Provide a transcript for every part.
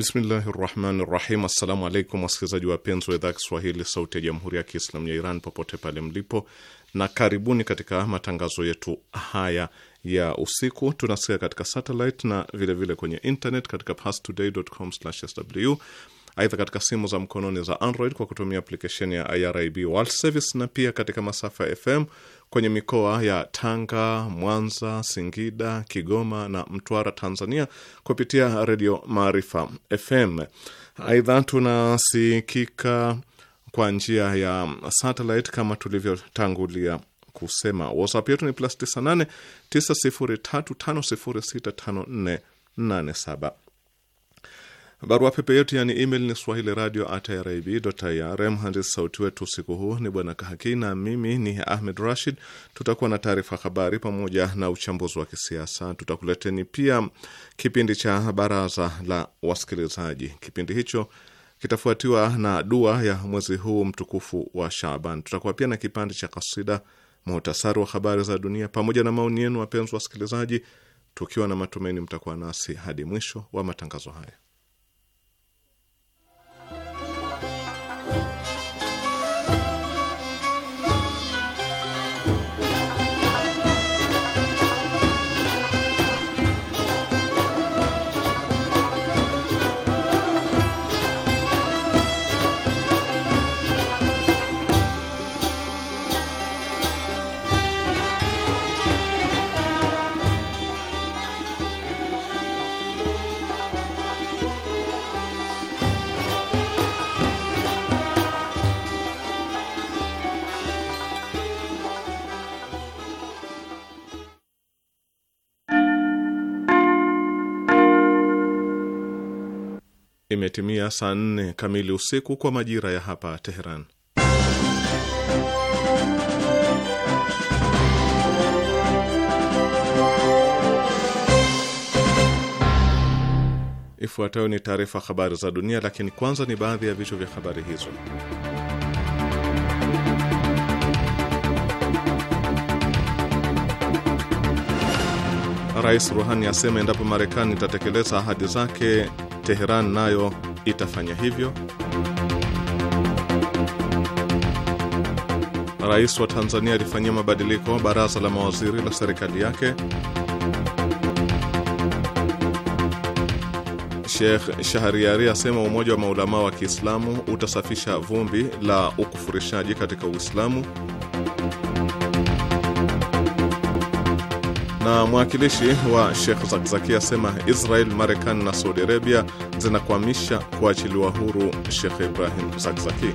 Bismillahi rahmani rahim. Assalamu alaikum wasikilizaji wapenzi wa idhaa Kiswahili sauti ya jamhuri ya Kiislamu ya Iran popote pale mlipo, na karibuni katika matangazo yetu haya ya usiku. Tunasikia katika satellite na vilevile vile kwenye internet katika pastoday.com/sw. Aidha, katika simu za mkononi za Android kwa kutumia aplikesheni ya IRIB World Service na pia katika masafa ya FM kwenye mikoa ya Tanga, Mwanza, Singida, Kigoma na Mtwara, Tanzania, kupitia Redio Maarifa FM. Aidha, tunasikika kwa njia ya satellite kama tulivyotangulia kusema. WhatsApp yetu ni plus 98 903 5065487. Barua pepe yetu yani email ni swahili radio at irib ir. Mhandisi sauti wetu usiku huu ni bwana Kahaki na mimi ni Ahmed Rashid. Tutakuwa na taarifa habari pamoja na uchambuzi wa kisiasa. Tutakuleteni pia kipindi cha baraza la wasikilizaji. Kipindi hicho kitafuatiwa na dua ya mwezi huu mtukufu wa Shaaban. Tutakuwa pia na kipande cha kasida, muhtasari wa habari za dunia pamoja na maoni yenu, wapenzi wasikilizaji, tukiwa na matumaini mtakuwa nasi hadi mwisho wa matangazo haya. Imetimia saa nne kamili usiku kwa majira ya hapa Teheran. Ifuatayo ni taarifa habari za dunia, lakini kwanza ni baadhi ya vichwa vya habari hizo. Rais Ruhani asema endapo Marekani itatekeleza ahadi zake Teheran nayo itafanya hivyo. Rais wa Tanzania alifanyia mabadiliko baraza la mawaziri la serikali yake. Sheikh Shahriari asema umoja wa maulamaa wa Kiislamu utasafisha vumbi la ukufurishaji katika Uislamu. na mwakilishi wa Sheikh Zakzaki asema Israel, Marekani na Saudi Arabia zinakwamisha kuachiliwa huru Sheikh Ibrahim Zakzaki.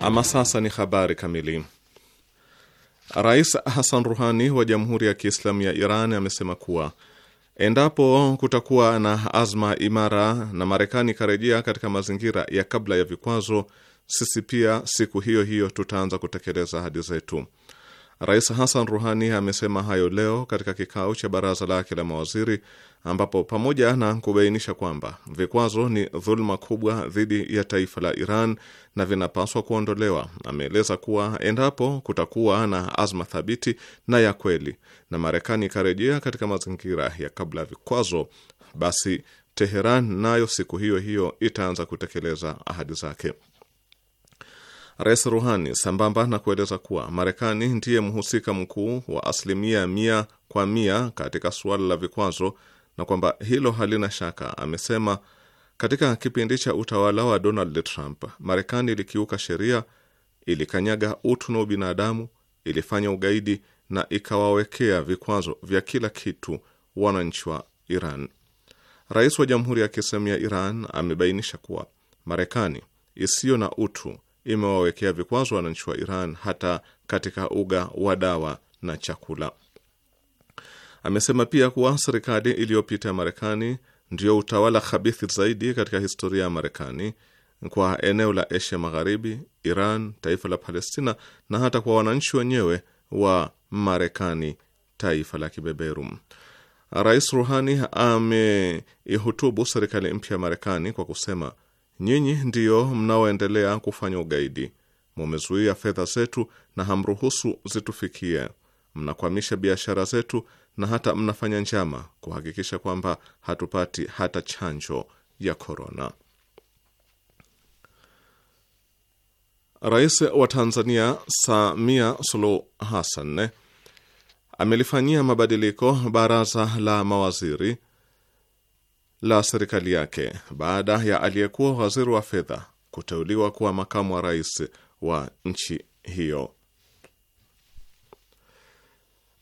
Ama sasa ni habari kamili. Rais Hassan Ruhani wa Jamhuri ya Kiislamu ya Iran amesema kuwa endapo kutakuwa na azma imara na Marekani ikarejea katika mazingira ya kabla ya vikwazo sisi pia siku hiyo hiyo tutaanza kutekeleza ahadi zetu. Rais Hassan Ruhani amesema hayo leo katika kikao cha baraza lake la mawaziri ambapo pamoja na kubainisha kwamba vikwazo ni dhuluma kubwa dhidi ya taifa la Iran na vinapaswa kuondolewa, ameeleza kuwa endapo kutakuwa na azma thabiti na ya kweli na Marekani ikarejea katika mazingira ya kabla ya vikwazo, basi Teheran nayo siku hiyo hiyo itaanza kutekeleza ahadi zake. Rais Ruhani, sambamba na kueleza kuwa Marekani ndiye mhusika mkuu wa asilimia mia kwa mia katika suala la vikwazo na kwamba hilo halina shaka, amesema katika kipindi cha utawala wa Donald Trump, Marekani ilikiuka sheria, ilikanyaga utu na ubinadamu, ilifanya ugaidi na ikawawekea vikwazo vya kila kitu wananchi wa Iran. Rais wa Jamhuri ya Kiislamu ya Iran amebainisha kuwa Marekani isiyo na utu imewawekea vikwazo wananchi wa Iran hata katika uga wa dawa na chakula. Amesema pia kuwa serikali iliyopita ya Marekani ndiyo utawala khabithi zaidi katika historia ya Marekani kwa eneo la Asia Magharibi, Iran, taifa la Palestina na hata kwa wananchi wenyewe wa Marekani, taifa la kibeberu. Rais Ruhani ameihutubu serikali mpya ya Marekani kwa kusema Nyinyi ndiyo mnaoendelea kufanya ugaidi. Mumezuia fedha zetu na hamruhusu zitufikie. Mnakwamisha biashara zetu na hata mnafanya njama kuhakikisha kwamba hatupati hata chanjo ya korona. Rais wa Tanzania Samia Suluhu Hassan amelifanyia mabadiliko baraza la mawaziri la serikali yake baada ya aliyekuwa waziri wa fedha kuteuliwa kuwa makamu wa rais wa nchi hiyo.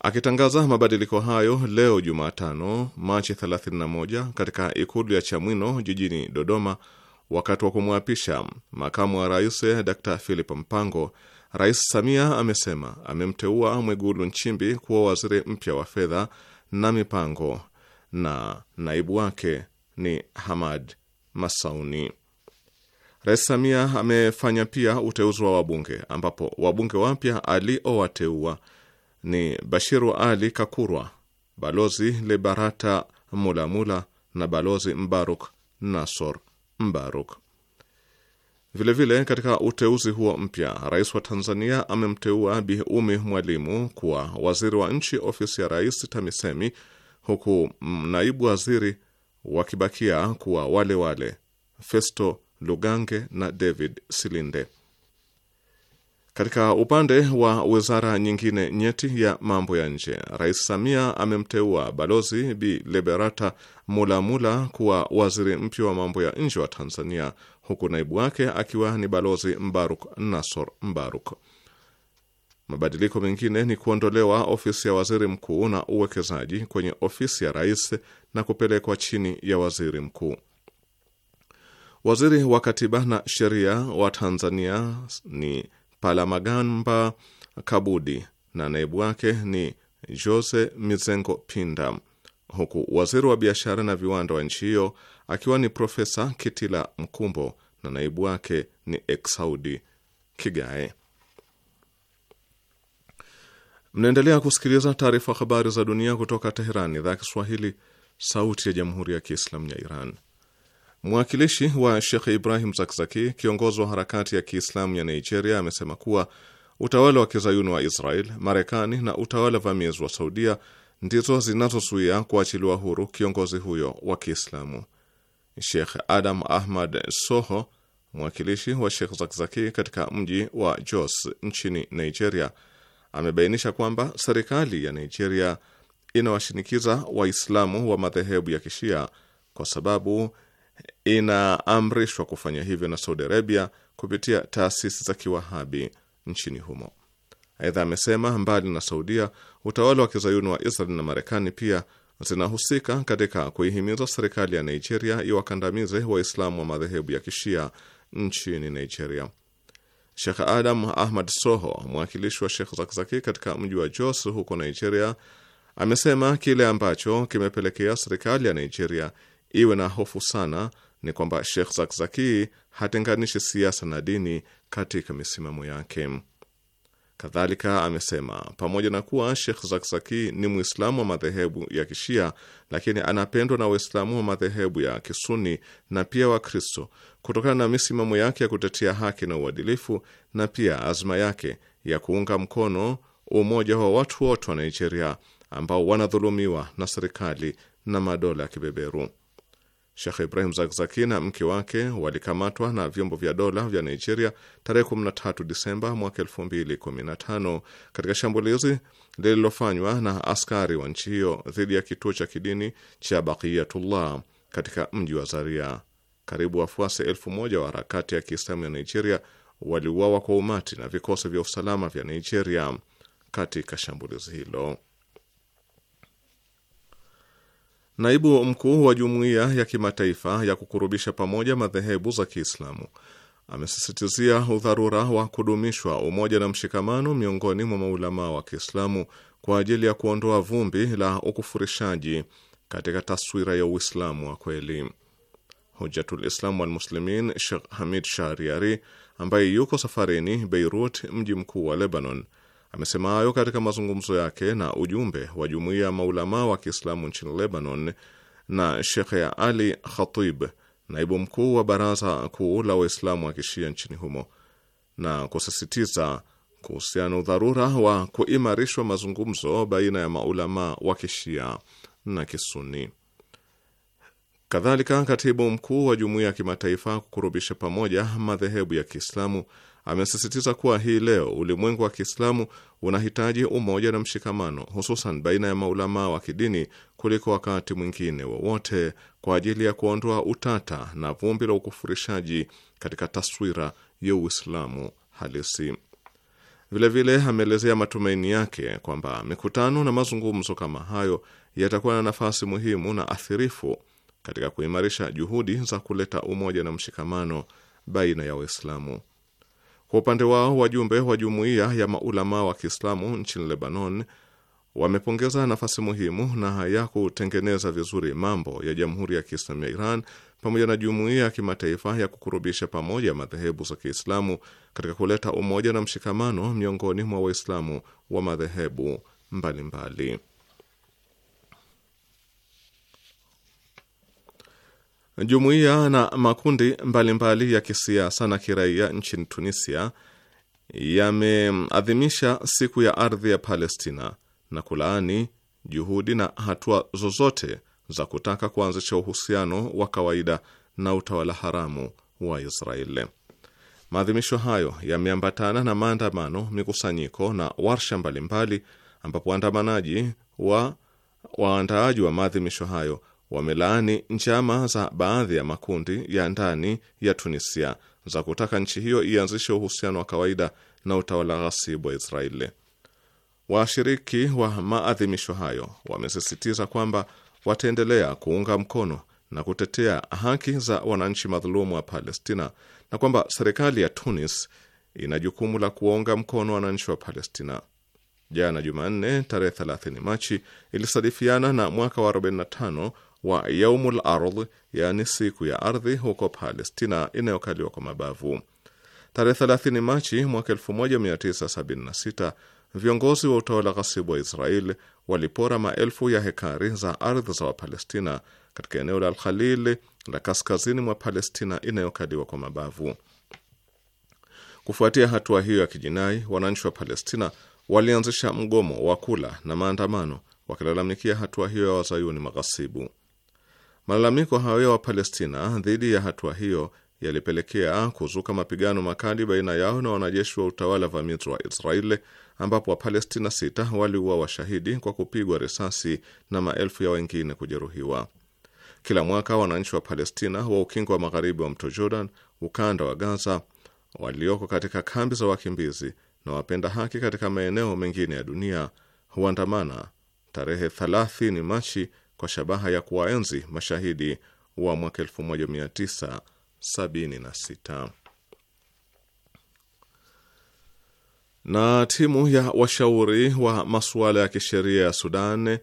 Akitangaza mabadiliko hayo leo Jumatano, Machi 31 katika ikulu ya Chamwino jijini Dodoma, wakati wa kumwapisha makamu wa rais Dr Philip Mpango, Rais Samia amesema amemteua Mwigulu Nchimbi kuwa waziri mpya wa fedha na mipango na naibu wake ni Hamad Masauni. Rais Samia amefanya pia uteuzi wa wabunge ambapo wabunge wapya aliowateua ni Bashiru Ali Kakurwa, Balozi Lebarata Mulamula Mula na Balozi Mbaruk Nasor Mbaruk. Vilevile vile, katika uteuzi huo mpya rais wa Tanzania amemteua Bi Umi Mwalimu kuwa waziri wa nchi ofisi ya rais TAMISEMI, huku naibu waziri wakibakia kuwa wale wale Festo Lugange na David Silinde. Katika upande wa wizara nyingine nyeti ya mambo ya nje, Rais Samia amemteua Balozi Bi Liberata Mulamula kuwa waziri mpya wa mambo ya nje wa Tanzania, huku naibu wake akiwa ni Balozi Mbaruk Nasor Mbaruk. Mabadiliko mengine ni kuondolewa ofisi ya waziri mkuu na uwekezaji kwenye ofisi ya rais na kupelekwa chini ya waziri mkuu. Waziri wa katiba na sheria wa Tanzania ni Palamagamba Kabudi na naibu wake ni Jose Mizengo Pinda, huku waziri wa biashara na viwanda wa nchi hiyo akiwa ni Profesa Kitila Mkumbo na naibu wake ni Exaudi Kigae. Mnaendelea kusikiliza taarifa habari za dunia kutoka Teherani, idhaa Kiswahili, Sauti ya Jamhuri ya Kiislamu ya Iran. Mwakilishi wa Shekh Ibrahim Zakzaki, kiongozi wa harakati ya Kiislamu ya Nigeria, amesema kuwa utawala wa kizayuni wa Israel, Marekani na utawala vamizi wa Saudia ndizo zinazozuia kuachiliwa huru kiongozi huyo wa Kiislamu. Shekh Adam Ahmad Soho, mwakilishi wa Shekh Zakzaki katika mji wa Jos nchini Nigeria, amebainisha kwamba serikali ya Nigeria inawashinikiza Waislamu wa madhehebu ya Kishia kwa sababu inaamrishwa kufanya hivyo na Saudi Arabia kupitia taasisi za Kiwahabi nchini humo. Aidha amesema mbali na Saudia, utawala wa kizayuni wa Israel na Marekani pia zinahusika katika kuihimiza serikali ya Nigeria iwakandamize Waislamu wa madhehebu ya Kishia nchini Nigeria. Shekh Adam Ahmad Soho, mwakilishi wa Shekh Zakzaki katika mji wa Jos huko Nigeria, Amesema kile ambacho kimepelekea serikali ya Nigeria iwe na hofu sana ni kwamba Sheikh Zakzaki hatenganishi siasa na dini katika misimamo yake. Kadhalika amesema pamoja na kuwa Sheikh Zakzaki ni Mwislamu wa madhehebu ya Kishia, lakini anapendwa na Waislamu wa madhehebu ya Kisuni na pia Wakristo kutokana na misimamo yake ya kutetea haki na uadilifu na pia azma yake ya kuunga mkono umoja wa watu wote wa Nigeria ambao wanadhulumiwa na serikali na madola ya kibeberu. Shekh Ibrahim Zakzaki na mke wake walikamatwa na vyombo vya dola vya Nigeria tarehe 13 Disemba mwaka 2015 katika shambulizi lililofanywa na askari wa nchi hiyo dhidi ya kituo cha kidini cha Bakiyatullah katika mji wa Zaria. Karibu wafuasi elfu moja wa harakati ya Kiislamu ya Nigeria waliuawa kwa umati na vikosi vya usalama vya Nigeria katika shambulizi hilo. Naibu mkuu wa jumuiya ya kimataifa ya kukurubisha pamoja madhehebu za Kiislamu amesisitizia udharura wa kudumishwa umoja na mshikamano miongoni mwa maulamaa wa Kiislamu kwa ajili ya kuondoa vumbi la ukufurishaji katika taswira ya Uislamu wa kweli. Hujatul Islam wal Muslimin Sheikh Hamid Shariari ambaye yuko safarini Beirut, mji mkuu wa Lebanon Amesema hayo katika mazungumzo yake na ujumbe wa jumuiya ya maulamaa wa Kiislamu nchini Lebanon na Shekhe ya Ali Khatib, naibu mkuu wa baraza kuu la Waislamu wa kishia nchini humo, na kusisitiza kuhusiana udharura wa kuimarishwa mazungumzo baina ya maulamaa wa kishia na kisuni. Kadhalika, katibu mkuu wa jumuiya ya kimataifa kukurubisha pamoja madhehebu ya Kiislamu Amesisitiza kuwa hii leo ulimwengu wa Kiislamu unahitaji umoja na mshikamano, hususan baina ya maulamaa wa kidini kuliko wakati mwingine wowote wa kwa ajili ya kuondoa utata na vumbi la ukufurishaji katika taswira ya Uislamu halisi. Vilevile ameelezea matumaini yake kwamba mikutano na mazungumzo kama hayo yatakuwa na nafasi muhimu na athirifu katika kuimarisha juhudi za kuleta umoja na mshikamano baina ya Waislamu. Kwa upande wao wajumbe wa jumuiya ya maulamaa wa Kiislamu nchini Lebanon wamepongeza nafasi muhimu na ya kutengeneza vizuri mambo ya Jamhuri ya Kiislamu ya Iran pamoja na jumuiya ya kimataifa ya kukurubisha pamoja madhehebu za Kiislamu katika kuleta umoja na mshikamano miongoni mwa Waislamu wa madhehebu mbalimbali mbali. Jumuiya na makundi mbalimbali mbali ya kisiasa na kiraia nchini Tunisia yameadhimisha siku ya ardhi ya Palestina na kulaani juhudi na hatua zozote za kutaka kuanzisha uhusiano wa kawaida na utawala haramu wa Israeli. Maadhimisho hayo yameambatana na maandamano, mikusanyiko na warsha mbalimbali, ambapo waandamanaji wa waandaaji wa maadhimisho hayo wamelaani njama za baadhi ya makundi ya ndani ya Tunisia za kutaka nchi hiyo ianzishe uhusiano wa kawaida na utawala ghasibu wa Israeli. Washiriki wa maadhimisho hayo wamesisitiza kwamba wataendelea kuunga mkono na kutetea haki za wananchi madhulumu wa Palestina na kwamba serikali ya Tunis ina jukumu la kuwaunga mkono wananchi wa Palestina. Jana Jumanne, tarehe 30 Machi, ilisadifiana na mwaka wa 45 wa yaumul ardh, yaani siku ya ardhi, huko Palestina inayokaliwa kwa mabavu. Tarehe 30 Machi mwaka 1976 viongozi wa utawala ghasibu wa Israeli walipora maelfu ya hekari za ardhi za Wapalestina katika eneo la Alkhalil la kaskazini mwa Palestina inayokaliwa kwa mabavu. Kufuatia hatua hiyo ya kijinai, wananchi wa Palestina walianzisha mgomo wa kula na maandamano wakilalamikia hatua hiyo ya wazayuni maghasibu. Malalamiko hayo ya Wapalestina dhidi ya hatua hiyo yalipelekea kuzuka mapigano makali baina yao na wanajeshi wa utawala vamizi wa Israeli ambapo Wapalestina sita waliuawa washahidi kwa kupigwa risasi na maelfu ya wengine kujeruhiwa. Kila mwaka wananchi wa Palestina wa ukingo wa magharibi wa mto Jordan, ukanda wa Gaza, walioko katika kambi za wakimbizi na wapenda haki katika maeneo mengine ya dunia huandamana tarehe 30 Machi kwa shabaha ya kuwaenzi mashahidi wa mwaka 1976 na timu ya washauri wa masuala ya kisheria ya Sudan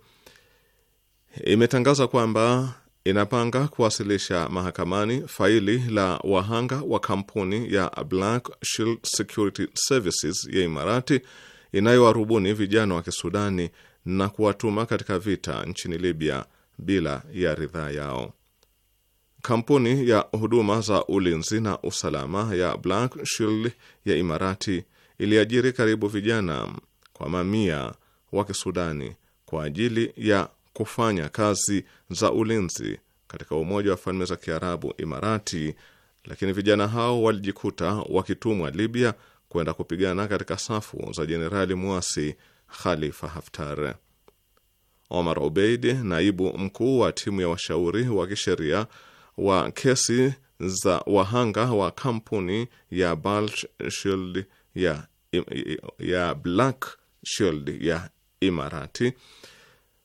imetangaza kwamba inapanga kuwasilisha mahakamani faili la wahanga wa kampuni ya Black Shield Security Services ya Imarati inayowarubuni vijana wa Kisudani na kuwatuma katika vita nchini Libya bila ya ridhaa yao. Kampuni ya huduma za ulinzi na usalama ya Black Shield ya Imarati iliajiri karibu vijana kwa mamia wa Kisudani kwa ajili ya kufanya kazi za ulinzi katika Umoja wa Falme za Kiarabu Imarati, lakini vijana hao walijikuta wakitumwa Libya kwenda kupigana katika safu za jenerali mwasi Khalifa Haftar. Omar Obeid, naibu mkuu wa timu ya washauri wa kisheria wa kesi za wahanga wa kampuni ya Black Shield ya, ya, Black Shield ya Imarati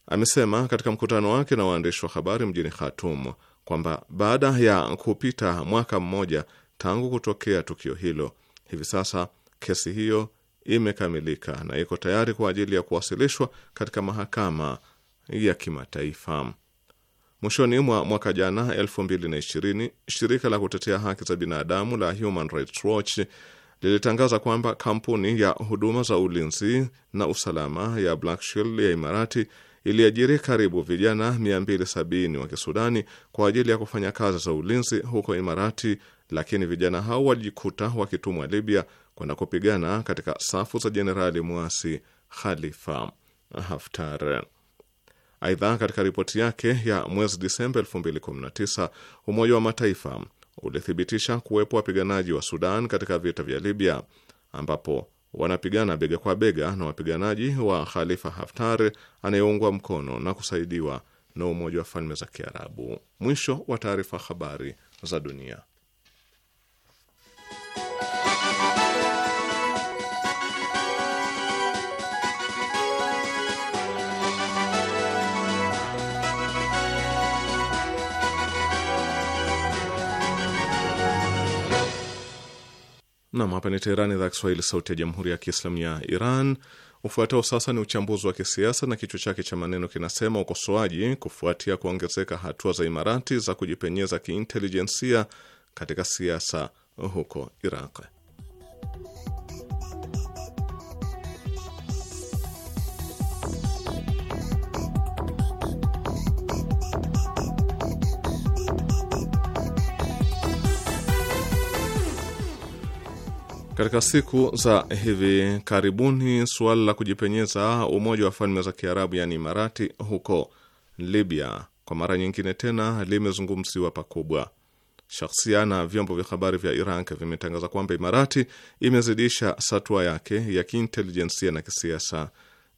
amesema katika mkutano wake na waandishi wa habari mjini Khartoum kwamba baada ya kupita mwaka mmoja tangu kutokea tukio hilo, hivi sasa kesi hiyo imekamilika na iko tayari kwa ajili ya kuwasilishwa katika mahakama ya kimataifa. Mwishoni mwa mwaka jana 2020, shirika la kutetea haki za binadamu la Human Rights Watch lilitangaza kwamba kampuni ya huduma za ulinzi na usalama ya Black Shield ya Imarati iliajiri karibu vijana 270 wa Kisudani kwa ajili ya kufanya kazi za ulinzi huko Imarati, lakini vijana hao walijikuta wakitumwa Libya kwenda kupigana katika safu za jenerali mwasi Khalifa Haftar. Aidha, katika ripoti yake ya mwezi Disemba 2019 Umoja wa Mataifa ulithibitisha kuwepo wapiganaji wa Sudan katika vita vya Libya ambapo wanapigana bega kwa bega na wapiganaji wa Khalifa Haftar anayeungwa mkono na kusaidiwa na Umoja wa Falme za Kiarabu. Mwisho wa taarifa. Habari za dunia. Nam, hapa ni Teheran, idhaa Kiswahili, sauti ya jamhuri ya kiislamu ya Iran. Ufuatao sasa ni uchambuzi wa kisiasa na kichwa chake cha maneno kinasema: ukosoaji kufuatia kuongezeka hatua za Imarati za kujipenyeza kiintelijensia katika siasa huko Iraq. Katika siku za hivi karibuni, suala la kujipenyeza Umoja wa Falme za Kiarabu yaani Imarati huko Libya kwa mara nyingine tena limezungumziwa pakubwa. Shakhsia na vyombo vya habari vya Iraq vimetangaza kwamba Imarati imezidisha satwa yake ya kiintelijensia na kisiasa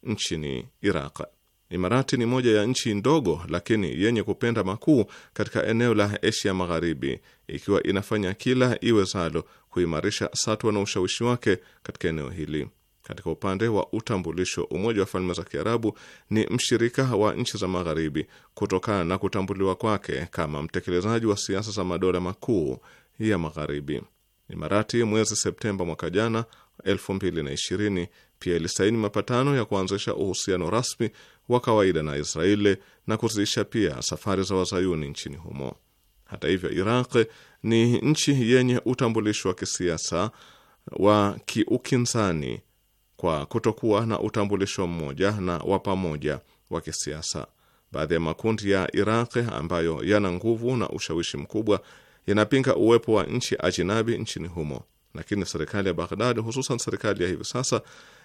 nchini Iraq. Imarati ni moja ya nchi ndogo lakini yenye kupenda makuu katika eneo la Asia Magharibi, ikiwa inafanya kila iwezalo kuimarisha satwa na ushawishi wake katika eneo hili. Katika upande wa utambulisho, Umoja wa Falme za Kiarabu ni mshirika wa nchi za Magharibi kutokana na kutambuliwa kwake kama mtekelezaji wa siasa za madola makuu ya Magharibi. Imarati mwezi Septemba mwaka jana 2020 pia ilisaini mapatano ya kuanzisha uhusiano rasmi wa kawaida na Israeli na kuzidisha pia safari za wazayuni nchini humo. Hata hivyo, Iraq ni nchi yenye utambulisho wa kisiasa wa kiukinzani kwa kutokuwa na utambulisho mmoja na wa pamoja wa kisiasa. Baadhi ya makundi ya Iraq ambayo yana nguvu na ushawishi mkubwa yanapinga uwepo wa nchi ajinabi nchini humo, lakini serikali ya Baghdad, hususan serikali ya hivi sasa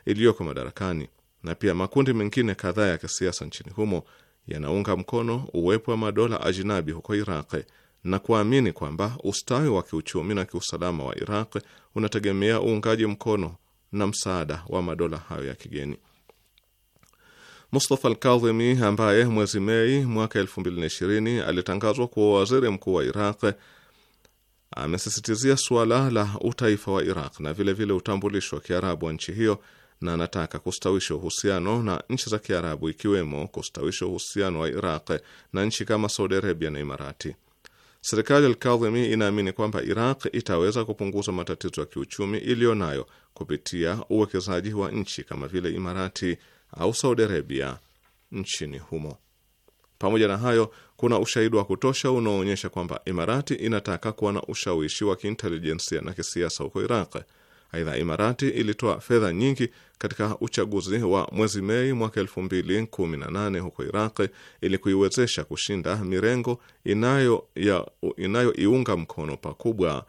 iliyoko madarakani, na pia makundi mengine kadhaa ya kisiasa nchini humo yanaunga mkono uwepo wa madola ajinabi huko Iraq na kuamini kwamba ustawi wa kiuchumi na kiusalama wa Iraq unategemea uungaji mkono na msaada wa madola hayo ya kigeni. Mustafa Alkadhimi ambaye mwezi Mei mwaka 2020 alitangazwa kuwa waziri mkuu wa Iraq amesisitizia suala la utaifa wa Iraq na vilevile vile utambulisho wa Kiarabu wa nchi hiyo na anataka kustawisha uhusiano na nchi za Kiarabu ikiwemo kustawisha uhusiano wa Iraq na nchi kama Saudi Arabia na Imarati. Serikali alkadhimi inaamini kwamba Iraq itaweza kupunguza matatizo ya kiuchumi iliyo nayo kupitia uwekezaji wa nchi kama vile Imarati au Saudi Arabia nchini humo. Pamoja na hayo, kuna ushahidi wa kutosha unaoonyesha kwamba Imarati inataka kuwa na ushawishi wa kiintelijensia na kisiasa huko Iraq. Aidha, Imarati ilitoa fedha nyingi katika uchaguzi wa mwezi Mei mwaka nane huko Iraq ili kuiwezesha kushinda mirengo inayoiunga inayo mkono pakubwa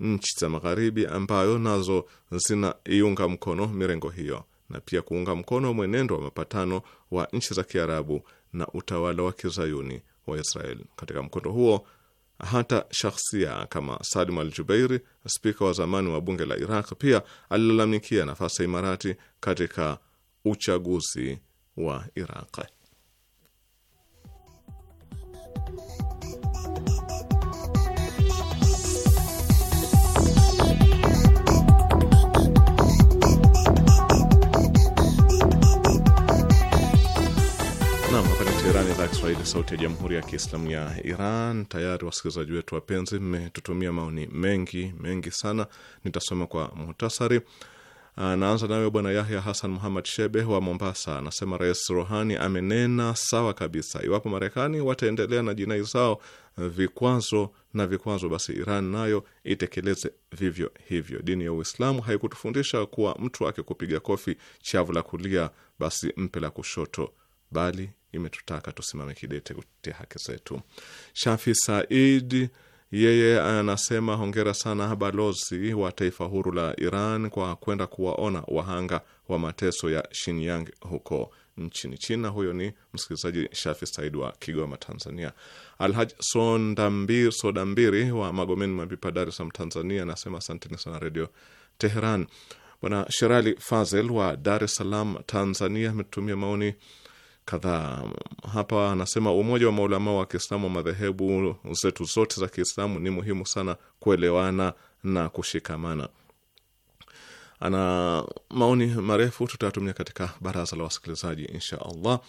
nchi za Magharibi ambayo nazo zinaiunga mkono mirengo hiyo na pia kuunga mkono mwenendo wa mapatano wa nchi za Kiarabu na utawala wa kizayuni wa Israel. Katika mkondo huo hata shakhsia kama Salim Al jubairi spika wa zamani wa bunge la Iraq, pia alilalamikia nafasi ya Imarati katika uchaguzi wa Iraq. Kiswahili, Sauti ya Jamhuri ya Kiislamu ya Iran. Tayari wasikilizaji wetu wapenzi, mmetutumia maoni mengi mengi sana, nitasoma kwa muhtasari. Ah, naanza nawe Bwana Yahya Hasan Muhammad Shebe wa Mombasa, anasema Rais Rohani amenena sawa kabisa. Iwapo Marekani wataendelea na jinai zao, vikwazo na vikwazo, basi Iran nayo itekeleze vivyo hivyo. Dini ya Uislamu haikutufundisha kuwa mtu akikupiga kofi chavu la kulia, basi mpe la kushoto, bali imetutaka tusimame kidete kutetea haki zetu. Shafi Said yeye anasema hongera sana balozi wa taifa huru la Iran kwa kwenda kuwaona wahanga wa mateso ya Shinyang huko nchini China. Huyo ni msikilizaji Shafi Said wa Kigoma, Tanzania. Alhaj Sondambir Sodambiri wa Magomeni Mabipa, Dar es Salaam, Tanzania anasema asanteni sana Redio Teheran. Bwana Sherali Fazel wa Dar es Salaam, Tanzania ametutumia maoni kadhaa. Hapa anasema umoja wa maulamao wa Kiislamu wa madhehebu zetu zote za Kiislamu ni muhimu sana kuelewana na kushikamana. Ana maoni marefu, tutayatumia katika baraza la wasikilizaji insha Allah.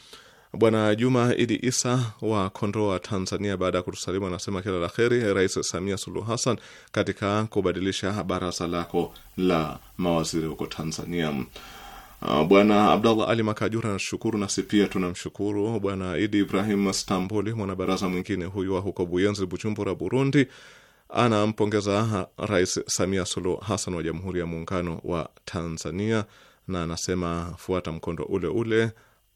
Bwana Juma Idi Isa wa Kondoa, Tanzania, baada ya kutusalimu anasema kila la kheri Rais Samia Suluhu Hassan katika kubadilisha baraza lako la mawaziri huko Tanzania. Ah, Bwana Abdallah Ali Makajura anashukuru, nasi pia tunamshukuru. Bwana Idi Ibrahim Stambuli, mwanabaraza mwingine huyu wa huko Buyenzi, Bujumbura, Burundi, anampongeza Rais Samia Suluhu Hassan wa Jamhuri ya Muungano wa Tanzania na anasema fuata mkondo ule ule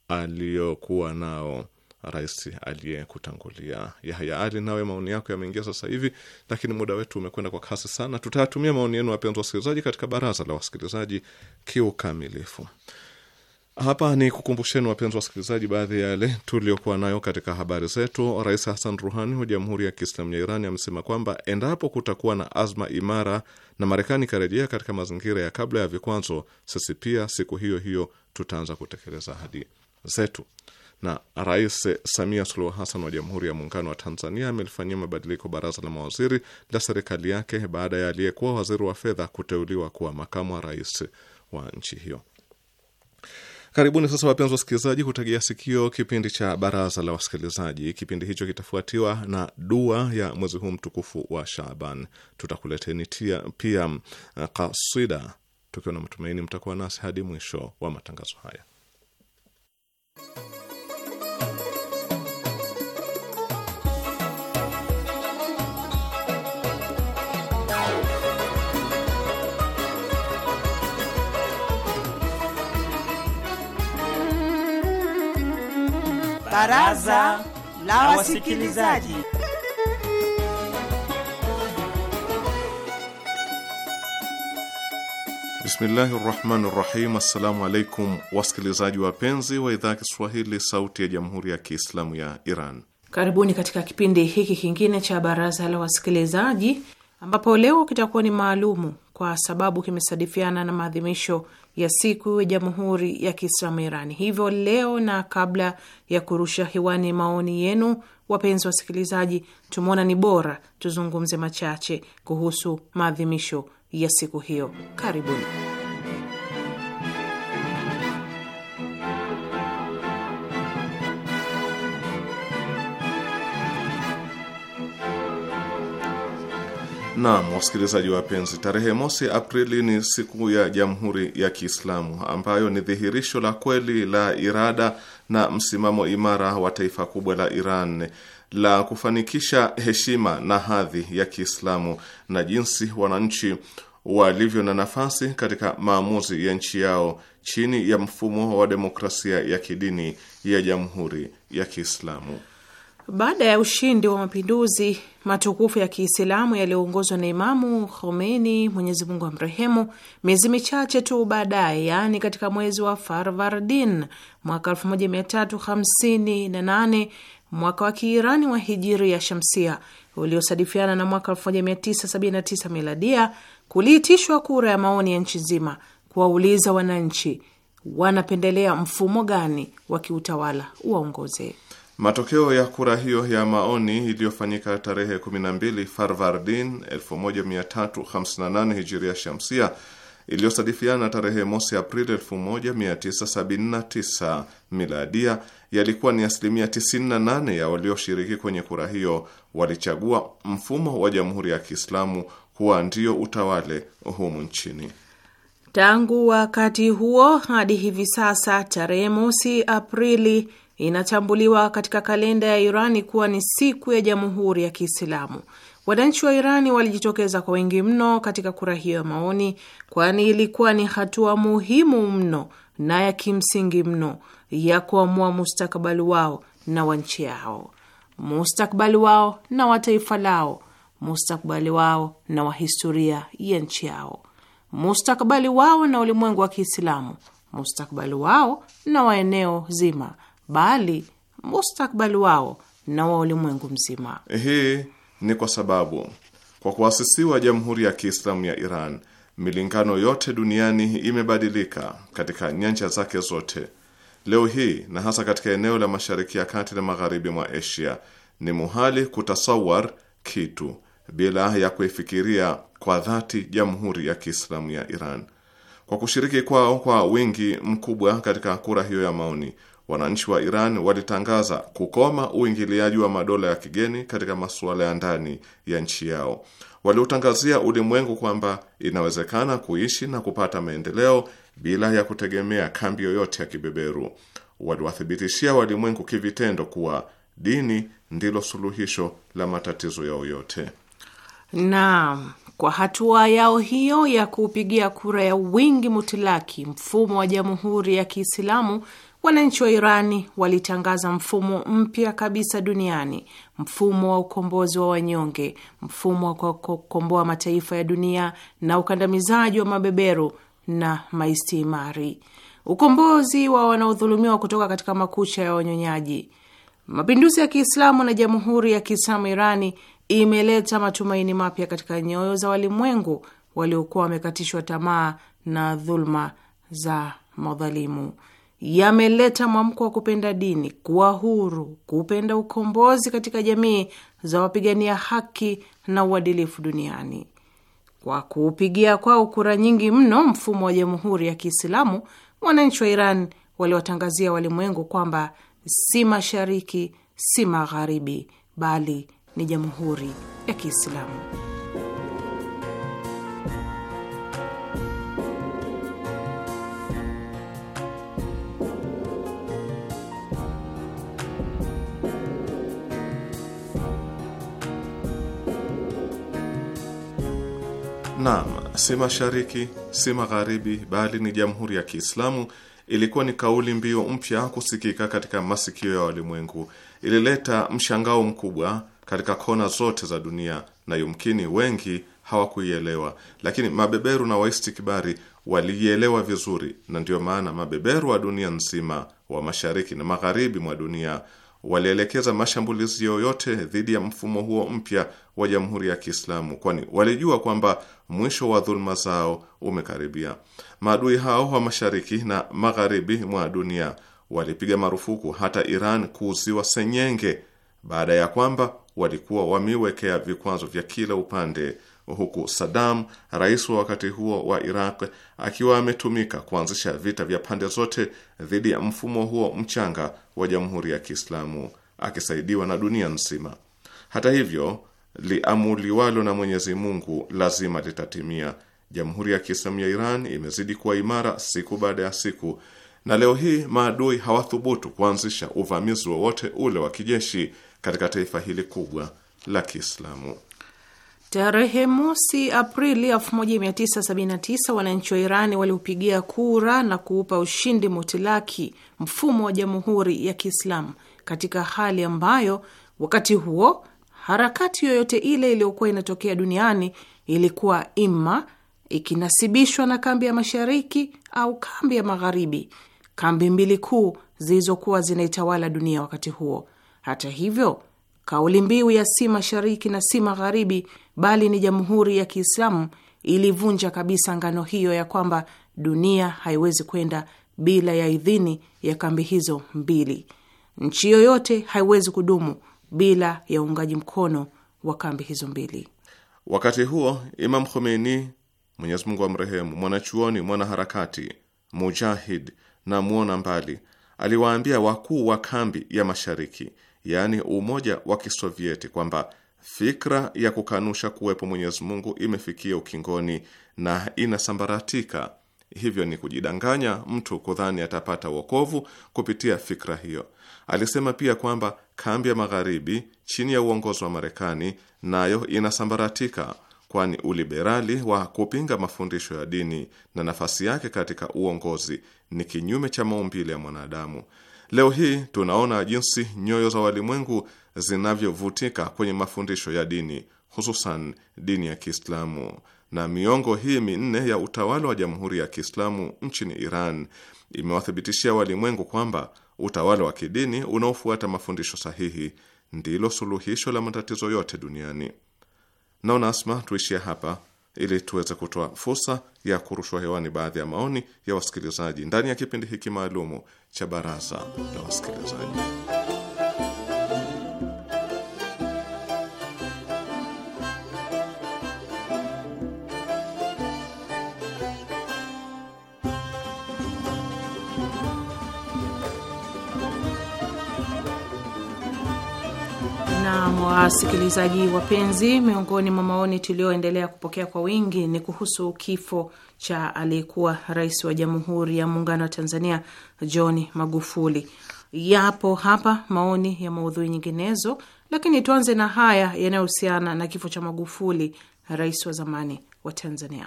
aliyokuwa nao rais aliyekutangulia Yahya Ali. Nawe maoni yako yameingia sasa hivi, lakini muda wetu umekwenda kwa kasi sana. Tutayatumia maoni yenu, wapenzi wasikilizaji, katika baraza la wasikilizaji kiukamilifu. Hapa ni kukumbusheni wapenzi wasikilizaji, baadhi ya yale tuliyokuwa nayo katika habari zetu. Rais Hassan Ruhani wa Jamhuri ya Kiislamu ya Irani amesema kwamba endapo kutakuwa na azma imara na Marekani ikarejea katika mazingira ya kabla ya vikwazo, sisi pia siku hiyo hiyo tutaanza kutekeleza ahadi zetu na Rais Samia Suluhu Hassan wa Jamhuri ya Muungano wa Tanzania amelifanyia mabadiliko baraza la mawaziri la serikali yake baada ya aliyekuwa waziri wa fedha kuteuliwa kuwa makamu wa rais wa nchi hiyo. Karibuni sasa, wapenzi wasikilizaji, kutegea sikio kipindi cha baraza la wasikilizaji. Kipindi hicho kitafuatiwa na dua ya mwezi huu mtukufu wa Shaaban. Tutakuleteni pia eh, kasida, tukiwa na matumaini mtakuwa nasi hadi mwisho wa matangazo haya. Baraza la Wasikilizaji. Bismillahi rahmani rahim. Assalamu alaikum wasikilizaji wapenzi wa idhaa ya Kiswahili sauti ya jamhuri ya Kiislamu ya Iran, karibuni katika kipindi hiki kingine cha baraza la wasikilizaji ambapo leo kitakuwa ni maalumu kwa sababu kimesadifiana na maadhimisho ya siku ya Jamhuri ya Kiislamu Irani. Hivyo leo na kabla ya kurusha hewani maoni yenu, wapenzi wasikilizaji, tumeona ni bora tuzungumze machache kuhusu maadhimisho ya siku hiyo. Karibuni. Naam, wasikilizaji wapenzi, tarehe mosi Aprili ni siku ya Jamhuri ya Kiislamu ambayo ni dhihirisho la kweli la irada na msimamo imara wa taifa kubwa la Iran la kufanikisha heshima na hadhi ya Kiislamu na jinsi wananchi walivyo na nafasi katika maamuzi ya nchi yao chini ya mfumo wa demokrasia ya kidini ya Jamhuri ya Kiislamu. Baada ya ushindi wa mapinduzi matukufu ya Kiislamu yaliyoongozwa na Imamu Khomeini, Mwenyezi Mungu amrehemu, miezi michache tu baadaye, yaani katika mwezi wa Farvardin mwaka 1358 mwaka wa Kiirani wa hijiri ya shamsia uliosadifiana na mwaka 1979 miladia, kuliitishwa kura ya maoni ya nchi nzima kuwauliza wananchi wanapendelea mfumo gani wa kiutawala uwaongozee. Matokeo ya kura hiyo ya maoni iliyofanyika tarehe 12 Farvardin 1358 hijiria shamsia iliyosadifiana tarehe mosi Aprili 1979 miladia, yalikuwa ni asilimia 98 ya walioshiriki kwenye kura hiyo walichagua mfumo wa Jamhuri ya Kiislamu kuwa ndio utawale humu nchini. Tangu wakati huo hadi hivi sasa, tarehe mosi Aprili inatambuliwa katika kalenda ya Irani kuwa ni siku ya Jamhuri ya Kiislamu. Wananchi wa Irani walijitokeza kwa wingi mno katika kura hiyo ya maoni, kwani ilikuwa ni hatua muhimu mno na ya kimsingi mno ya kuamua mustakabali wao na wa nchi yao, mustakabali wao na wa taifa lao, mustakabali wao na wa historia ya nchi yao, mustakabali wao na ulimwengu wa Kiislamu, mustakabali wao na wa eneo zima bali mustakbali wao na wa ulimwengu mzima. Hii ni kwa sababu kwa kuasisiwa Jamhuri ya Kiislamu ya Iran, milingano yote duniani imebadilika katika nyanja zake zote. Leo hii na hasa katika eneo la Mashariki ya Kati na magharibi mwa Asia, ni muhali kutasawar kitu bila ya kuifikiria kwa dhati Jamhuri ya Kiislamu ya Iran. Kwa kushiriki kwao kwa wingi mkubwa katika kura hiyo ya maoni wananchi wa Iran walitangaza kukoma uingiliaji wa madola ya kigeni katika masuala ya ndani ya nchi yao. Waliutangazia ulimwengu kwamba inawezekana kuishi na kupata maendeleo bila ya kutegemea kambi yoyote ya kibeberu. Waliwathibitishia walimwengu kivitendo kuwa dini ndilo suluhisho la matatizo yao yote. Naam, kwa hatua yao hiyo ya kuupigia kura ya wingi mutilaki mfumo wa Jamhuri ya Kiislamu wananchi wa Irani walitangaza mfumo mpya kabisa duniani, mfumo wa ukombozi wa wanyonge, mfumo wa kukomboa mataifa ya dunia na ukandamizaji wa mabeberu na maistimari, ukombozi wa wanaodhulumiwa kutoka katika makucha ya wanyonyaji. Mapinduzi ya Kiislamu na Jamhuri ya Kiislamu Irani imeleta matumaini mapya katika nyoyo za walimwengu waliokuwa wamekatishwa tamaa na dhuluma za madhalimu yameleta mwamko wa kupenda dini, kuwa huru, kupenda ukombozi katika jamii za wapigania haki na uadilifu duniani. Kwa kuupigia kwao kura nyingi mno mfumo wa Jamhuri ya Kiislamu, wananchi wa Iran waliwatangazia walimwengu kwamba si mashariki si magharibi, bali ni Jamhuri ya Kiislamu. Naam, si mashariki si magharibi, bali ni Jamhuri ya Kiislamu ilikuwa ni kauli mbiu mpya kusikika katika masikio ya walimwengu. Ilileta mshangao mkubwa katika kona zote za dunia, na yumkini wengi hawakuielewa, lakini mabeberu na waistikibari waliielewa vizuri, na ndiyo maana mabeberu wa dunia nzima, wa mashariki na magharibi mwa dunia walielekeza mashambulizi yoyote dhidi ya mfumo huo mpya wa Jamhuri ya Kiislamu, kwani walijua kwamba mwisho wa dhuluma zao umekaribia. Maadui hao wa mashariki na magharibi mwa dunia walipiga marufuku hata Iran kuuziwa senyenge, baada ya kwamba walikuwa wameiwekea vikwazo vya kila upande huku Saddam, rais wa wakati huo wa Iraq, akiwa ametumika kuanzisha vita vya pande zote dhidi ya mfumo huo mchanga wa Jamhuri ya Kiislamu akisaidiwa na dunia nzima. Hata hivyo, liamuliwalo na Mwenyezi Mungu lazima litatimia. Jamhuri ya Kiislamu ya Iran imezidi kuwa imara siku baada ya siku, na leo hii maadui hawathubutu kuanzisha uvamizi wowote ule wa kijeshi katika taifa hili kubwa la Kiislamu. Tarehe mosi Aprili 1979 wananchi wa Irani waliupigia kura na kuupa ushindi mutilaki mfumo wa jamhuri ya Kiislamu, katika hali ambayo wakati huo harakati yoyote ile iliyokuwa inatokea duniani ilikuwa ima ikinasibishwa na kambi ya mashariki au kambi ya magharibi, kambi mbili kuu zilizokuwa zinaitawala dunia wakati huo. Hata hivyo Kauli mbiu ya si mashariki na si magharibi, bali ni jamhuri ya Kiislamu ilivunja kabisa ngano hiyo ya kwamba dunia haiwezi kwenda bila ya idhini ya kambi hizo mbili. Nchi yoyote haiwezi kudumu bila ya uungaji mkono wa kambi hizo mbili. Wakati huo Imam Khomeini, Mwenyezi Mungu amrehemu, mwanachuoni, mwanaharakati, mujahid na mwona mbali, aliwaambia wakuu wa kambi ya mashariki yaani umoja wa Kisovieti kwamba fikra ya kukanusha kuwepo Mwenyezi Mungu imefikia ukingoni na inasambaratika. Hivyo ni kujidanganya mtu kudhani atapata wokovu kupitia fikra hiyo. Alisema pia kwamba kambi ya magharibi chini ya uongozi wa Marekani nayo inasambaratika, kwani uliberali wa kupinga mafundisho ya dini na nafasi yake katika uongozi ni kinyume cha maumbile ya mwanadamu. Leo hii tunaona jinsi nyoyo za walimwengu zinavyovutika kwenye mafundisho ya dini, hususan dini ya Kiislamu. Na miongo hii minne ya utawala wa Jamhuri ya Kiislamu nchini Iran imewathibitishia walimwengu kwamba utawala wa kidini unaofuata mafundisho sahihi ndilo suluhisho la matatizo yote duniani. Naona Asma, tuishie hapa ili tuweze kutoa fursa ya kurushwa hewani baadhi ya maoni ya wasikilizaji ndani ya kipindi hiki maalumu cha baraza la wasikilizaji. Naam, wasikilizaji wapenzi, miongoni mwa maoni tuliyoendelea kupokea kwa wingi ni kuhusu kifo cha aliyekuwa rais wa Jamhuri ya Muungano wa Tanzania John Magufuli. Yapo hapa maoni ya maudhui nyinginezo, lakini tuanze na haya yanayohusiana na kifo cha Magufuli, rais wa zamani wa Tanzania.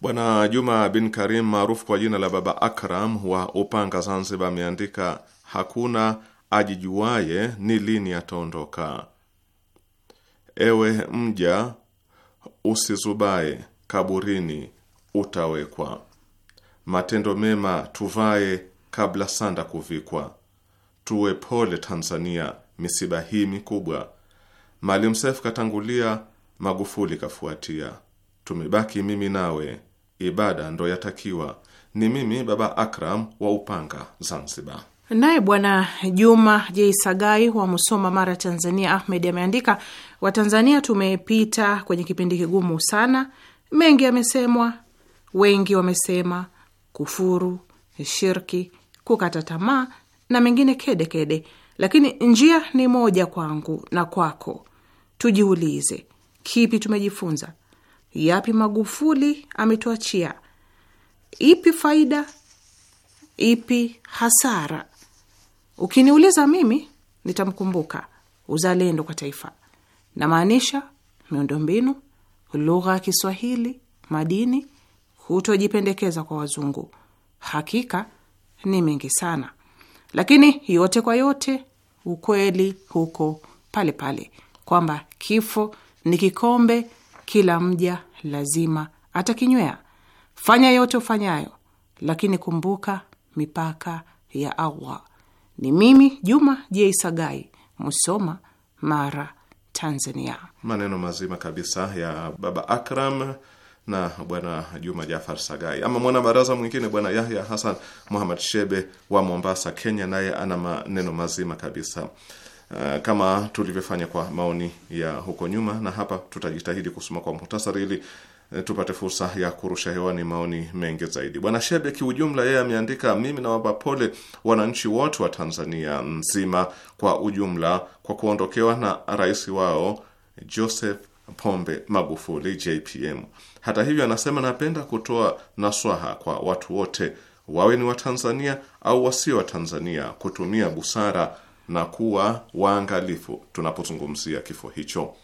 Bwana Juma bin Karim maarufu kwa jina la Baba Akram wa Upanga, Zanzibar, ameandika hakuna ajijuaye ni lini ataondoka Ewe mja usizubae, kaburini utawekwa. Matendo mema tuvae, kabla sanda kuvikwa. Tuwe pole Tanzania, misiba hii mikubwa. Maalim Seif katangulia, Magufuli kafuatia. Tumebaki mimi nawe, ibada ndo yatakiwa. Ni mimi Baba Akram wa Upanga, Zanzibar. Naye Bwana Juma J Sagai wa Musoma, Mara, Tanzania, Ahmed ameandika Watanzania tumepita kwenye kipindi kigumu sana. Mengi yamesemwa, wengi wamesema kufuru, shirki, kukata tamaa na mengine kede kede, lakini njia ni moja kwangu na kwako. Tujiulize, kipi tumejifunza? Yapi Magufuli ametuachia? Ipi faida, ipi hasara? Ukiniuliza mimi, nitamkumbuka uzalendo kwa taifa namaanisha miundombinu, lugha ya Kiswahili, madini, kutojipendekeza kwa wazungu. Hakika ni mengi sana, lakini yote kwa yote, ukweli huko pale pale kwamba kifo ni kikombe, kila mja lazima atakinywea. Fanya yote ufanyayo, lakini kumbuka mipaka ya Allah. Ni mimi Juma J Sagai, Musoma, Mara, Tanzania. Maneno mazima kabisa ya Baba Akram na Bwana Juma Jafar Sagai. Ama mwana baraza mwingine Bwana Yahya hasan Muhammad Shebe wa Mombasa, Kenya, naye ana maneno mazima kabisa uh, kama tulivyofanya kwa maoni ya huko nyuma, na hapa tutajitahidi kusoma kwa muhtasari ili Eh, tupate fursa ya kurusha hewani maoni mengi zaidi. Bwana Shebe kiujumla, yeye ameandika, mimi nawapa pole wananchi wote wa Tanzania mzima kwa ujumla kwa kuondokewa na rais wao Joseph Pombe Magufuli JPM. Hata hivyo, anasema napenda kutoa naswaha kwa watu wote, wawe ni Watanzania au wasio Watanzania, kutumia busara na kuwa waangalifu tunapozungumzia kifo hicho,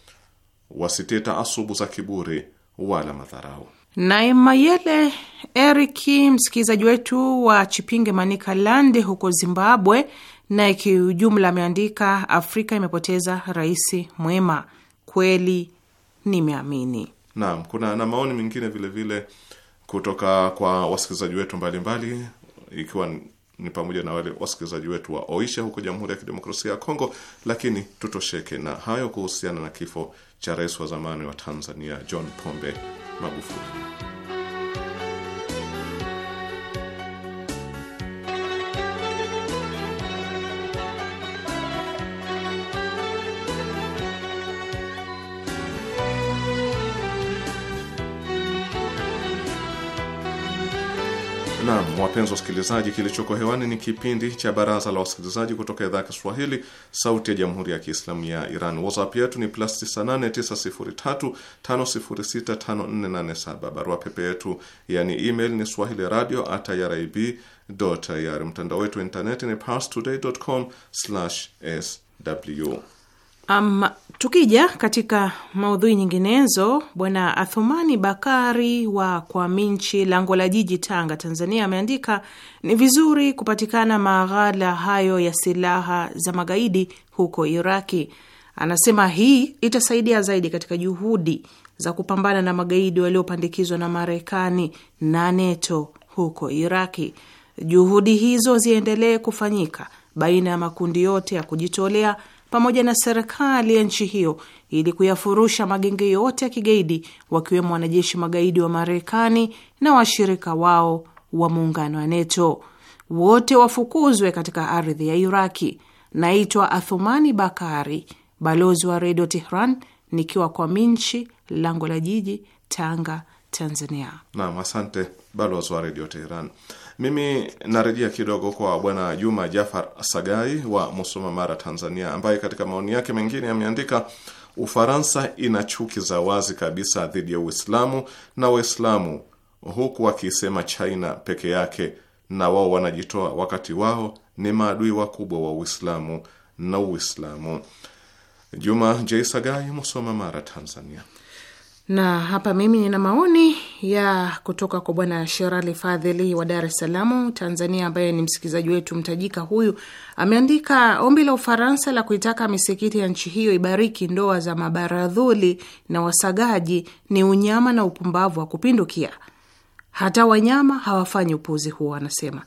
wasitie taasubu za kiburi wala madharau. Naye Mayele Eriki, msikilizaji wetu wa Chipinge Land huko Zimbabwe, naye kiujumla ameandika Afrika imepoteza rais mwema kweli, nimeamini. Naam, kuna na maoni mengine vilevile kutoka kwa wasikilizaji wetu mbalimbali, ikiwa ni pamoja na wale wasikilizaji wetu wa Oisha huko Jamhuri ya Kidemokrasia ya Kongo, lakini tutosheke na hayo kuhusiana na kifo cha rais wa zamani wa Tanzania John Pombe Magufuli. Naam, wapenzi wasikilizaji, kilichoko hewani ni kipindi cha Baraza la Wasikilizaji kutoka idhaa ya Kiswahili, Sauti ya Jamhuri ya Kiislamu ya Iran. WhatsApp yetu ni plus 989035065487. Barua pepe yetu yani email ni swahili radio at irib ir. Mtandao wetu wa intaneti ni parstoday.com/sw Um, tukija katika maudhui nyinginezo, Bwana Athumani Bakari wa Kwaminchi, lango la jiji, Tanga, Tanzania, ameandika ni vizuri kupatikana maghala hayo ya silaha za magaidi huko Iraki. Anasema hii itasaidia zaidi katika juhudi za kupambana na magaidi waliopandikizwa na Marekani na NATO huko Iraki. Juhudi hizo ziendelee kufanyika baina ya makundi yote ya kujitolea pamoja na serikali ya nchi hiyo ili kuyafurusha magenge yote ya kigaidi wakiwemo wanajeshi magaidi wa Marekani na washirika wao wa muungano wa NATO. Wote wafukuzwe katika ardhi ya Iraki. Naitwa Athumani Bakari, balozi wa Redio Tehran, nikiwa kwa Minchi, lango la jiji, Tanga, Tanzania. Naam, asante balozi wa Redio Tehran. Mimi narejea kidogo kwa bwana Juma Jafar Sagai wa Musoma, Mara, Tanzania, ambaye katika maoni yake mengine ameandika Ufaransa ina chuki za wazi kabisa dhidi ya Uislamu na Waislamu, huku wakisema China peke yake na wao wanajitoa, wakati wao ni maadui wakubwa wa Uislamu na Uislamu. Juma J Sagai, Musoma, Mara, Tanzania na hapa mimi nina maoni ya kutoka kwa bwana Sherali Fadhili wa Dar es Salaam, Tanzania, ambaye ni msikilizaji wetu mtajika. Huyu ameandika ombi la Ufaransa la kuitaka misikiti ya nchi hiyo ibariki ndoa za mabaradhuli na wasagaji ni unyama na upumbavu wa kupindukia. Hata wanyama hawafanyi upuzi huo, anasema.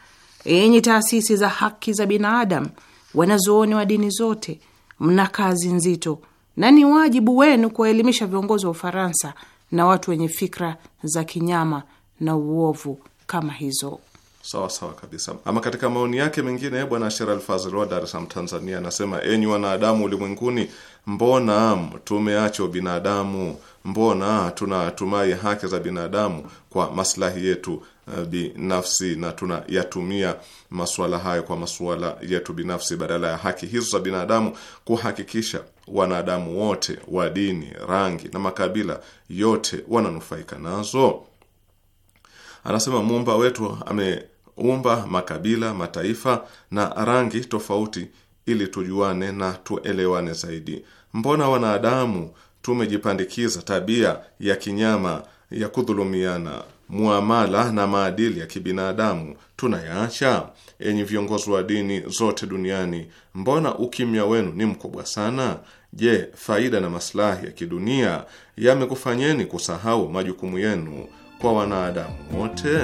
Yenye taasisi za haki za binadamu, wanazuoni wa dini zote, mna kazi nzito na ni wajibu wenu kuwaelimisha viongozi wa Ufaransa na watu wenye fikra za kinyama na uovu kama hizo. Sawa sawa kabisa. Ama katika maoni yake mengine, Bwana sher alfazil wa Dar es Salaam, Tanzania, anasema enyi wanadamu ulimwenguni, mbona tumeacha binadamu? Mbona tunatumai haki za binadamu kwa maslahi yetu Eh, binafsi na tunayatumia masuala hayo kwa masuala yetu binafsi badala ya haki hizo za binadamu kuhakikisha wanadamu wote wa dini, rangi na makabila yote wananufaika nazo. Anasema muumba wetu ameumba makabila, mataifa na rangi tofauti ili tujuane na tuelewane zaidi. Mbona wanadamu tumejipandikiza tabia ya kinyama ya kudhulumiana muamala na maadili ya kibinadamu tunayaacha? Enyi viongozi wa dini zote duniani, mbona ukimya wenu ni mkubwa sana? Je, faida na maslahi ya kidunia yamekufanyeni kusahau majukumu yenu kwa wanadamu wote?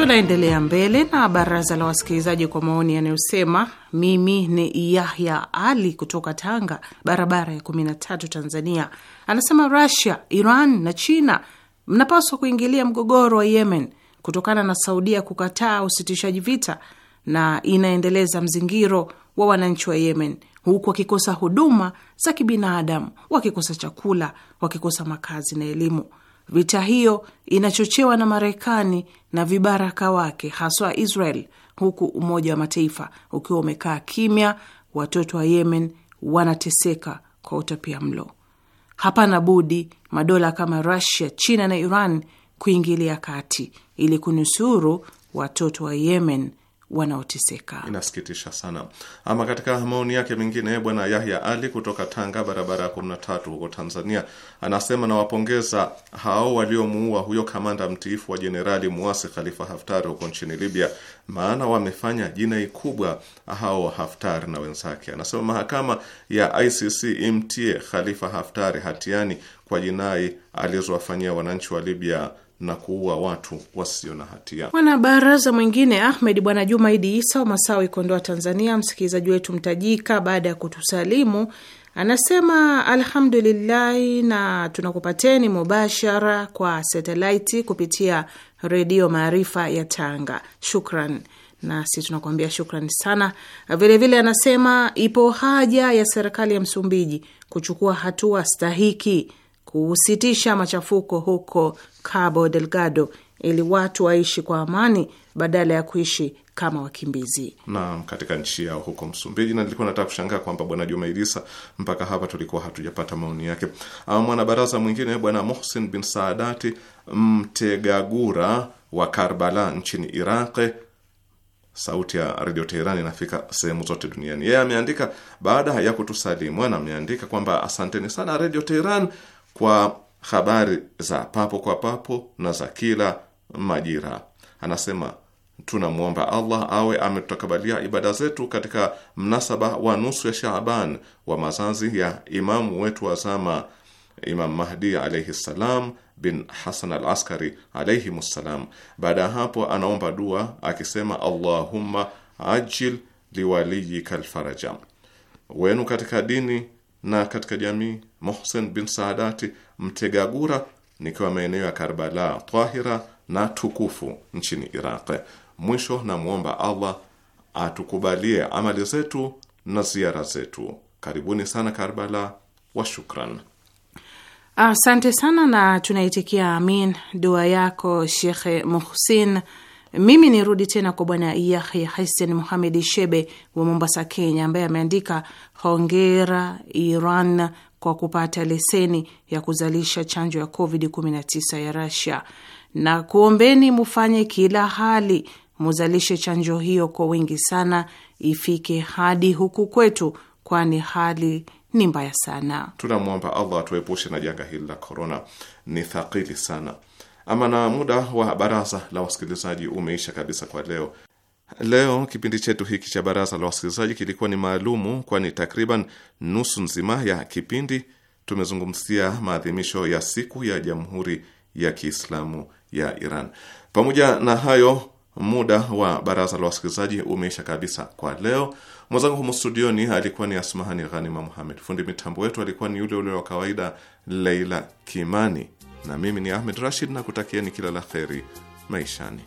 Tunaendelea mbele na baraza la wasikilizaji kwa maoni yanayosema, mimi ni Yahya Ali kutoka Tanga, barabara ya 13, Tanzania. Anasema Rusia, Iran na China mnapaswa kuingilia mgogoro wa Yemen kutokana na Saudia kukataa usitishaji vita na inaendeleza mzingiro wa wananchi wa Yemen huku wakikosa huduma za kibinadamu, wakikosa chakula, wakikosa makazi na elimu. Vita hiyo inachochewa na Marekani na vibaraka wake haswa Israel, huku Umoja wa Mataifa ukiwa umekaa kimya. Watoto wa Yemen wanateseka kwa utapia mlo. Hapana budi madola kama Rusia, China na Iran kuingilia kati ili kunusuru watoto wa Yemen wanaoteseka. Inasikitisha sana. Ama katika maoni yake mengine, bwana Yahya Ali kutoka Tanga, barabara ya kumi na tatu huko Tanzania, anasema nawapongeza hao waliomuua huyo kamanda mtiifu wa jenerali muasi Khalifa Haftar huko nchini Libya, maana wamefanya jinai kubwa hao Haftar na wenzake. Anasema mahakama ya ICC imtie Khalifa Haftar hatiani kwa jinai alizowafanyia wananchi wa Libya na kuua watu wasio na hatia. Mwanabaraza mwingine Ahmed Bwana Jumaidi Isa wa Masawi, Kondoa, Tanzania, msikilizaji wetu mtajika, baada ya kutusalimu anasema alhamdulillahi, na tunakupateni mubashara kwa satelaiti kupitia Redio Maarifa ya Tanga. Shukran. Nasi tunakuambia shukran sana vilevile. Vile anasema ipo haja ya serikali ya Msumbiji kuchukua hatua stahiki kusitisha machafuko huko Cabo Delgado ili watu waishi kwa amani badala ya kuishi kama wakimbizi. Naam, katika nchi yao huko Msumbiji. Na nilikuwa nataka kushangaa kwamba bwana Juma Idisa, mpaka hapa tulikuwa hatujapata maoni yake. Ah, mwanabaraza mwingine bwana Muhsin bin Saadati Mtegagura wa Karbala nchini Iraq. Sauti ya redio Teheran inafika sehemu zote duniani. Yeye ameandika baada ya kutusalimu, na ameandika kwamba asanteni sana redio Teheran kwa habari za papo kwa papo na za kila majira. Anasema tunamwomba Allah awe ametutakabalia ibada zetu katika mnasaba wa nusu ya Shaaban wa mazazi ya imamu wetu wa zama Imam Mahdi alaihi salam bin Hasan al Askari alaihim ssalam. Baada ya hapo, anaomba dua akisema, Allahumma ajil liwaliyika lfaraja wenu katika dini na katika jamii Mohsen bin Saadati Mtegagura, nikiwa maeneo ya Karbala Tahira na tukufu nchini Iraq. Mwisho namwomba Allah atukubalie amali zetu na ziara zetu. Karibuni sana Karbala wa shukran. Asante sana, na tunaitikia amin dua yako Shekhe Muhsin mimi nirudi tena kwa Bwana Yahya Hasen Muhamed Shebe wa Mombasa, Kenya, ambaye ameandika hongera Iran kwa kupata leseni ya kuzalisha chanjo ya COVID-19 ya Rasia, na kuombeni mufanye kila hali muzalishe chanjo hiyo kwa wingi sana, ifike hadi huku kwetu, kwani hali ni mbaya sana. Tunamwomba Allah atuepushe na janga hili la korona, ni thakili sana. Ama na muda wa baraza la wasikilizaji umeisha kabisa kwa leo. Leo kipindi chetu hiki cha baraza la wasikilizaji kilikuwa ni maalumu, kwani takriban nusu nzima ya kipindi tumezungumzia maadhimisho ya siku ya Jamhuri ya Kiislamu ya Iran. Pamoja na hayo, muda wa baraza la wasikilizaji umeisha kabisa kwa leo. Mwenzangu humu studioni alikuwa ni Asmahani Ghanima Muhamed, fundi mitambo wetu alikuwa ni yule ule wa kawaida Leila Kimani na mimi ni Ahmed Rashid na kutakieni kila la kheri maishani.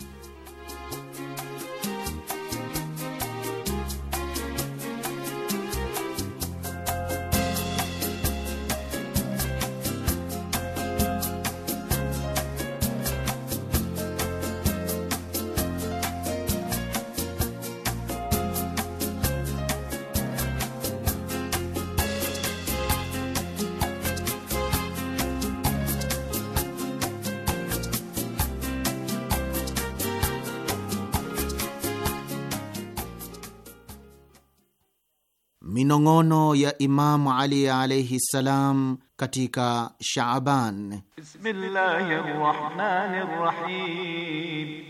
maono ya Imamu Ali alaihi ssalam katika Shaaban. Bismillahirrahmanirrahim.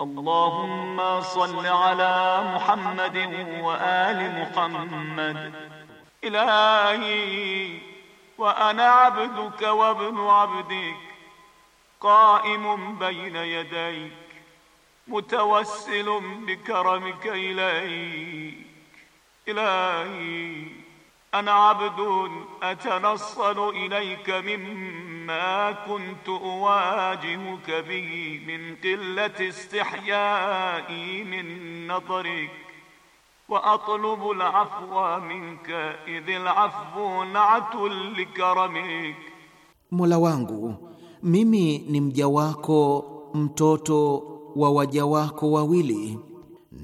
Allahumma salli ala Muhammadin wa ali Muhammad. Ilahi wa ana abduka wa ibnu abdik qaimun bayna yadayk mutawassilun bikaramika ilayk ilahi ana abdun atanassalu ilayka mimma kuntu uwajihuka bihi min qillati istihyai min nadrik wa atlubu alafwa minka idh alafwu na'tun likaramik, wangu mimi ni mja wako mtoto wa waja wako wawili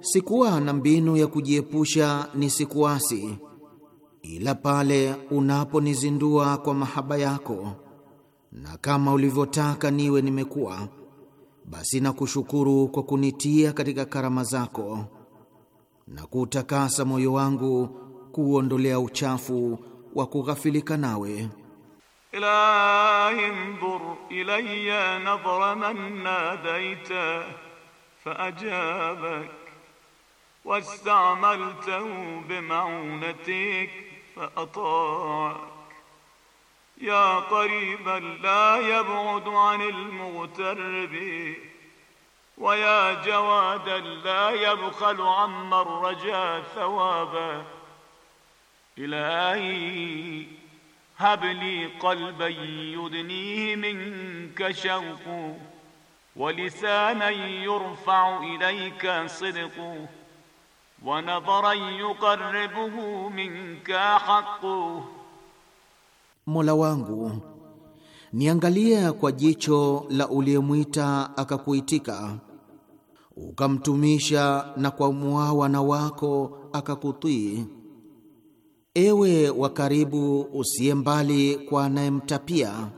sikuwa na mbinu ya kujiepusha nisikuasi, ila pale unaponizindua kwa mahaba yako, na kama ulivyotaka niwe nimekuwa, basi nakushukuru kwa kunitia katika karama zako na kuutakasa moyo wangu kuuondolea uchafu wa kughafilika nawe. Ilahi ndur ilayya nadhra man nadaita faajabak واستعملته بمعونتك فأطاعك يا قريبا لا يبعد عن المغتر به ويا جوادا لا يبخل عمن رجا ثوابا إلهي هب لي قلبا يدنيه منك شوقه ولسانا يرفع إليك صدقه wa yuqarribuhu minka haqqu, Mola wangu niangalia kwa jicho la uliyemwita akakuitika, ukamtumisha na kwa muawana wako akakutii, ewe wa karibu usiye mbali kwa anayemtapia,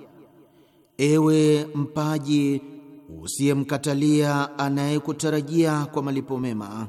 ewe mpaji usiyemkatalia anayekutarajia kwa malipo mema.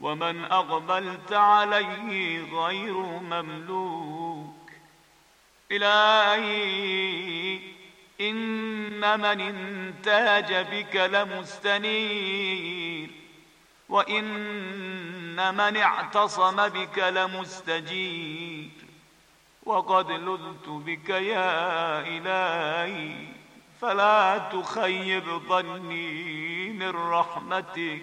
ومن أقبلت عليه غير مملوك إلهي إن من انتهج بك لمستنير وإن من اعتصم بك لمستجير وقد لذت بك يا إلهي فلا تخيب ظني من رحمتك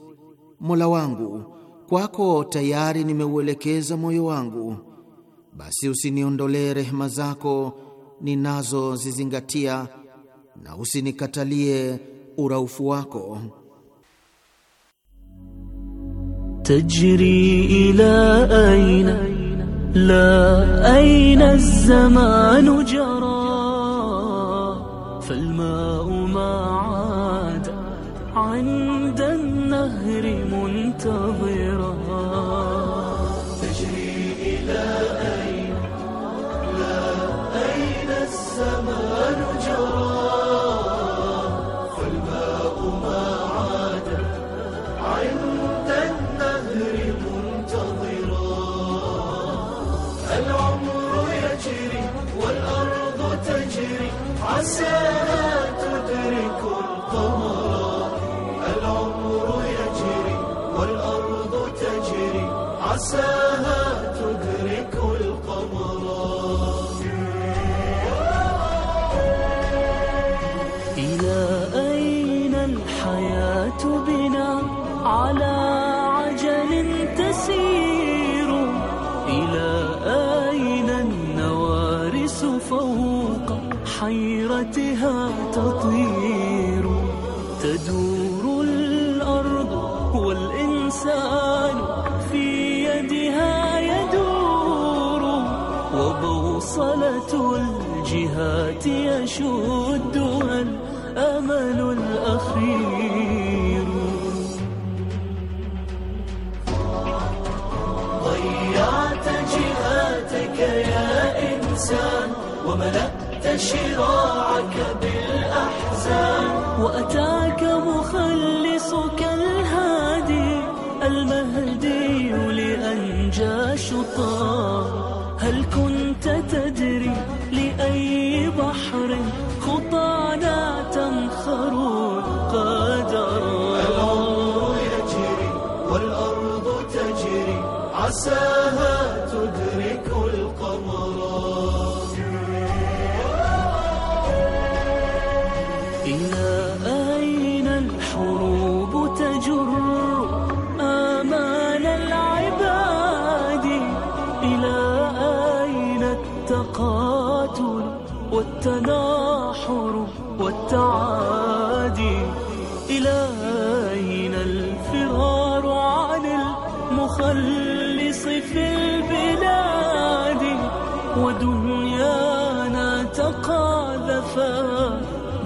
Mola wangu, kwako tayari nimeuelekeza moyo wangu, basi usiniondolee rehema zako ninazozizingatia na usinikatalie uraufu wako. tajri ila aina la aina zamanu ja tovu شراعك بالأحزان وأتاك مخلصك الهادي المهدي لأنجى شطار هل كنت تدري لأي بحر خطانا تنخر قدر العمر يجري والأرض تجري عسى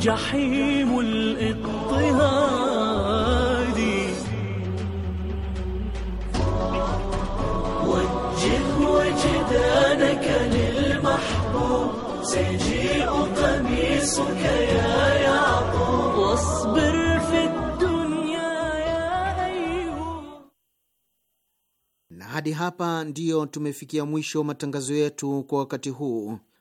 جحيم الاضطهاد وجه وجدانك للمحبوب سيجيء قميصك يا يعقوب واصبر في الدنيا يا أيوب na hadi hapa ndiyo tumefikia mwisho matangazo yetu kwa wakati huu